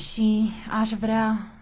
și aș vrea